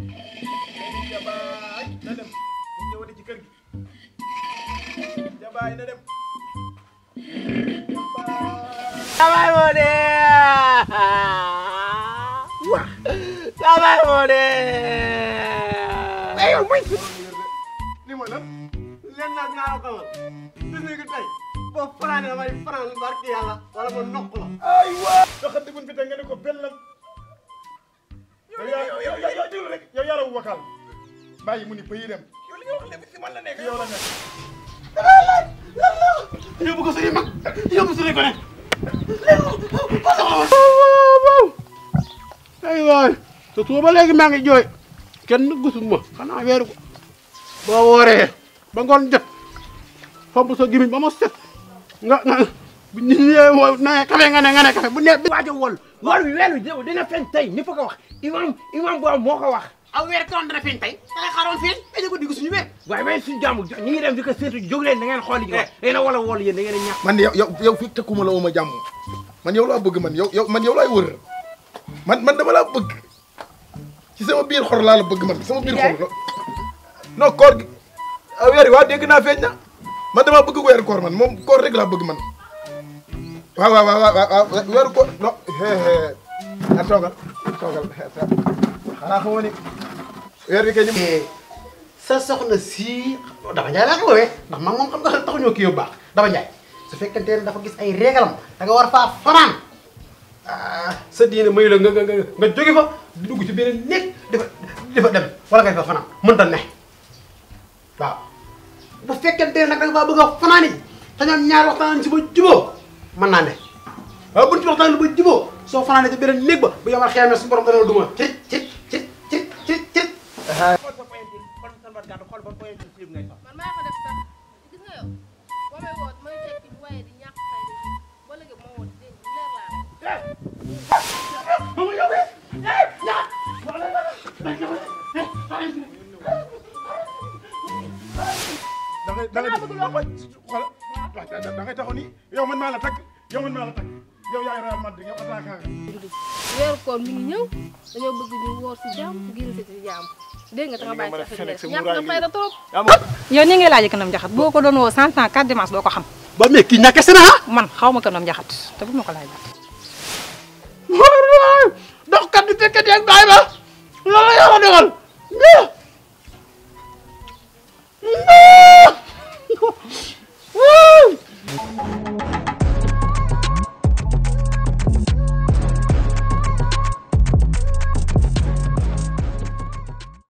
jabaay na dem mu ñëwati ci kër gi na dem jabaay moo dee waa jabaay moo dee ni ma la leen nag naa la xamal su nekk tey boo fanaane damay fanaan barke yàlla wala ma nopp la ay waa doxante buñ fi te nga yow yaa yow yaa yow mu ni ba dem. yow li nga wax lépp si man la nekk yow la nekk. damay laaj lan la. yóbbu ko suñuy mag yóbbu suñuy gone. ay waay te soo ba léegi maa ngi jooy kenn gisul ma xanaa weeru ko boo wooree ba ngoon jot fomp sa gimiñ ba ma nga nga. bu ñu nee kafe nga ne nga ne kafe bu ne. waaj a wol wol wi weelu dina feeñ tey ñëpp a ko wax imam imam boobu moo ko wax. aw weer kon dina feeñ tey da ngay xaaroon feeñ dañu ko digg suñu weer. waaye waaye suñu jàmm ñu ngi dem di ko seetu jóg leen da ngeen xool yi. da ngeen a wala wol yéen da ngeen a ñàkk. man yow yow yow fii tëkkuma ma jàmm yow laa bëgg man yow man man dama laa bëgg ci sama biir laa bëgg man sama biir xor la koor gi ah, weer yi waa dégg naa feeñ na man dama bëgg weer koor man moom koor rek laa bëgg man waaw waaw waaw waaw weeru ko non a toogal toogal xanaa xamoo ni weer bi kay ni eh, sa soxna si Daba Ndiaye laa ko woowee ndax man moom xam nga taxuñoo kii yóbbu baax Daba Ndiaye su fekkente ne dafa gis ay régalam da nga war faa fanaan ah, sa diine mayu la nga nga nga jóge fa dugg ci beneen néeg dafa dafa dem wala nga fa fanaan mënta ne waaw bu fekkente ne nag da nga faa bëgg a fanaani te ñoom ñaar waxtaan si ba jubóo mën naa ne waaw buñ ci waxtaan ba jiboo soo fanaane ci beneen néeg ba bu yomal xeemee suñu borom dana la duma cit cit cit cit cit cit da ngay da ngay taxaw nii yow man maa la takk yow man maa la teg yow yaay Real Madrid yow attaquant nga. weeru koor mi ngi ñëw dañoo bëgg ñu woor si jàmm ni ngay laajee jaxat boo ko doon woo cent ans quatre dimanche doo ko xam. ba mais kii ñàkk si naa. Ah. man xaw ma kanam jaxat te bu ma ko laajee. donc kat bi fekk nañ bàyyi